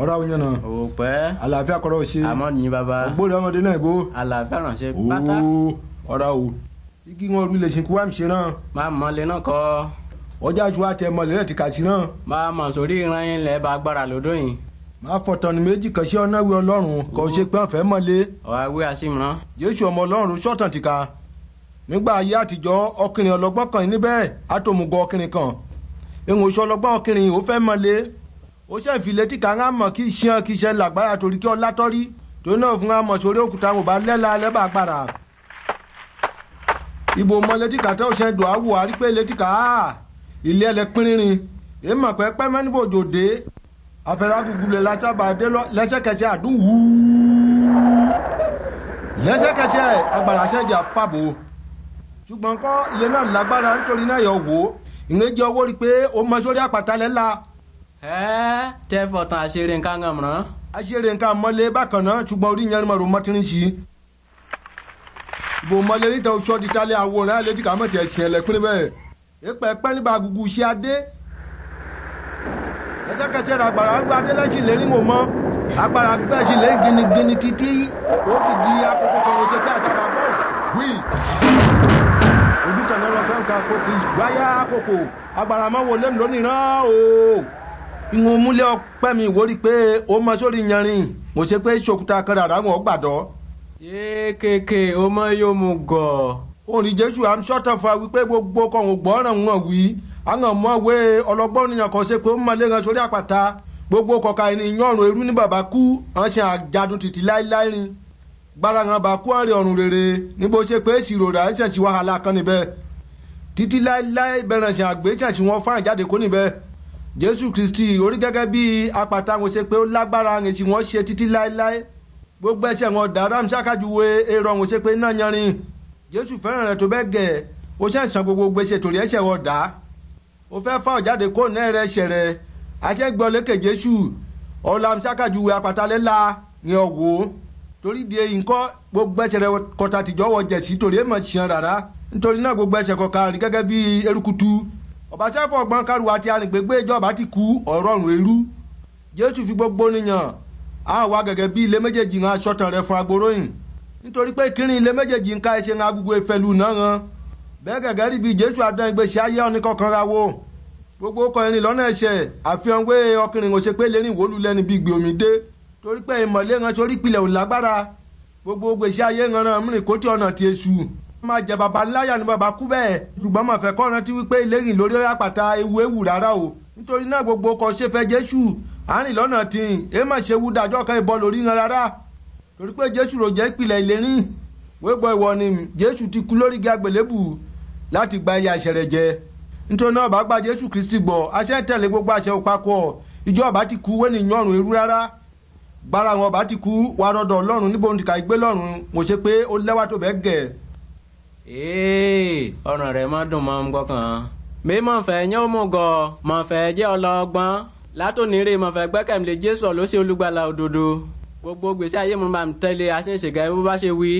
ọ̀rọ̀ àwọn yẹn náà. o pẹ́. àlàáfíà kọ́rọ́ ṣe. àmọ́ nìyí bàbá. ògbóni ọmọdé náà gbó. àlàáfíà ránṣẹ́ pátá. ooo ọ̀rọ̀ o. igi wọn rú ilẹ̀ ṣe kú wá ṣe náà. máa mọ̀lẹ́ náà kọ́. ọjà ju àtẹ mọ̀lẹ́ náà ti kà sí náà. máa mọ̀ sórí ìran yín lẹ́ bá agbára lódò yìí. máa fọ̀tàn ní méjì kan sí ọ̀nà ìwé ọlọ́run kò ṣe pé ọ̀fẹ́ mọ̀lẹ́. ọ̀hàwé àṣìmíràn. jésù ọmọ ọlọ́run sọ̀tàn ti ka. nígbà ayé àtijọ́ ọkùnrin ọlọ́gbọ́n kan níbẹ̀ àtòmùgọ̀ ọkùnrin kan. èèwọ̀n ọlọ́gbọ́n ọkùnrin ò fẹ́ mọ̀lẹ́ ó ṣe ìfìlétí kan á mọ̀ kí ṣan kí ṣe lágbára torí kí ọlá tọ́rí torí náà fún amọ̀ sórí òkúta wọn bá lẹ́la lẹ́bà padà. ìbò mọ létíkà tẹ́ òṣè dùn áwò àrípé létíkà á ilé ẹlẹ pínrín èèmọ̀ pé pẹ́mẹ́ níbo jòdè afẹ́rẹ́ gúgú lè lásàbàdé lẹ́sẹ̀kẹsẹ̀ àdúhù lẹ́sẹ̀kẹsẹ̀ agbára ṣẹ́jà fàbò ṣùgbọ́n kọ́ ilé náà lágbára nítorí náà yọ̀ wò ìrẹ́jẹ owó rí pé ó mọ sórí àpáta lẹ́la tẹ́ fọ̀tàn àṣeré nǹkan kan mọ̀ràn. àṣeré nǹkan mọ́lé bákan náà ṣùgbọ́n orí yẹn mọ̀rọ̀ mọ́ tirin sí i. bò mọ́lé níta oṣù di tálẹ̀ àwòrán àlejò kà mọ̀ tiẹ̀ sìn ẹ̀lẹ́kùn níbẹ̀. èpè pẹ́ nígbà àgùgù ṣe adé. ẹsẹ̀kẹsẹ̀ rà gbàrà gbà adé lẹ́sìn lérí mò mọ́ agbára gbẹ́ sí lé gbinigbini títí ó fi di akókó kan oṣù pé àtàkà bọ̀ wíì ojú kan náà rọgbọ́n kan kò kì í gbáyà àkókò agbára máa wọlé lónìí rán o ìwọ̀n múlẹ̀ ọpẹ́ mi ìwórí pé ó mọ sórí yanrìn mo ṣe pé ṣòkúta kan rárá wọn gbàdọ́. yékèké o mọ yóò mú gọ. orin jésù à ń sọ́tọ̀ fún wa wípé gbogbo kọ̀ọ̀hún gbọ́ràn wọn wí àwọn ọmọ òwe ọlọ́gbọ́n nìyàn kan ṣe pé ó mọ lẹ́ran sórí àpáta gbogbo kọ̀ọ̀ka ẹni yànrùn eru ní bàbá kú wọn ṣe àjàdùn títí láíláí ni gbára hàn bá kú àrè ọ̀run rere níbo ṣe pé èsì ìrora ẹ̀ṣẹ̀ sí wàhálà kan níbẹ̀ títí láíláí bẹ̀rẹ̀ ṣe ṣàṣì wọn fáìn jáde kó níbẹ̀ jésù kristi orí gẹ́gẹ́ bí apàtà wọn ṣe pé ó lágbára rìn tí wọ́n ṣe títí láéláé gbogbo ẹ̀ṣẹ̀ wọn dàrám ṣákàjúwe èrò wọn ṣe pé náà yanrìn jésù fẹ́ràn rẹ̀ tó bẹ́ẹ̀ gẹ̀ ó ṣe ń san gbogbo gbèsè torí ẹ̀ṣẹ̀ wọn dá ó fẹ́ fà ọ̀jáde kó ní ẹ̀rẹ́ ẹ̀ṣẹ̀ rẹ̀ àṣẹ gbọ́ lékè jésù ọ̀làm ṣákàjúwe apàtà lẹ́la rìn ọ̀wọ́ torí di èyí ńkọ́ gbogbo ẹ̀ṣẹ̀ rẹ̀ kọta erukutu ọ̀báṣẹ́fọ̀ ọgbọ́n kárùwá tí a rìn ìjọba ti ku ọ̀rọ̀rùn eru jésù fi gbogbo níyàn a wà gẹ́gẹ́ bí ilé méjèèjì ń aṣọ tán fún agboróyìn nítorí pé kírin ilé méjèèjì ń ká ẹṣẹ́ ń agogo ìfẹ́lú náà ran bẹ́ẹ̀ gẹ́gẹ́ rí bí jésù adán ìgbésí ayé ọ̀nìkọ̀kan ra wo gbogbo ọkọ̀ ìrìn lọ́nà ẹ̀ṣẹ̀ àfihàn wé ọkùnrin òṣèpé lérí ìwòlú lẹ́ni bí gbé omi dé torí pé ìmọ̀lé ran sórí ìpìlẹ̀ ò gbogbo ògbésí ayé ran ran mìrìn kó tí ọ̀nà ti èṣù máa jẹ baba láyà ni baba kú bẹ́ẹ̀ ṣùgbọ́n màá fẹ́ kọ́ rántí wípé ìlérìn lórí àpáta ewu ewu rárá o nítorí náà gbogbo kò ṣe fẹ́ jésù àárín lọ́nà tìǹ é mà ṣe wú dájọ́ kan ìbọn lórí yan rárá torí pé jésù ló jẹ́ ìpìlẹ̀ ìlérìn wégbọ́ ìwọ ni jésù ti kú lórí gàgbélébù láti gba ẹ̀yà ìṣẹ̀rẹ̀ jẹ nítorí náà bá gba jésù kristi gbọ́ àṣẹ tẹ̀lé gbogbo àṣẹ òpapọ̀ ìjọ ọba ti kú wẹ́ni yọ̀rùn irú rárá gbára wọn ọba ti kú wàá rọdọ̀ ọlọ́run níbo ní kàí gbé lọ́run mo ṣe pé ó lẹ́wà tó ee ọ̀ràn rẹ̀ má dùn mọ́ ń gbọ́kàn. mi mọ̀ fẹ́ yán mú gọ̀ mọ̀ fẹ́ jẹ́ ọlọ́gbọ́n látònírè mọ̀ fẹ́ gbẹ́kẹ̀lé jésù ọ̀lọ́sẹ̀ olùgbàlà òdodo gbogbo gbèsè ayé mo máa ń tẹ́lẹ̀ aṣẹ́ṣẹ́gà ẹ̀ bó bá ṣe wí.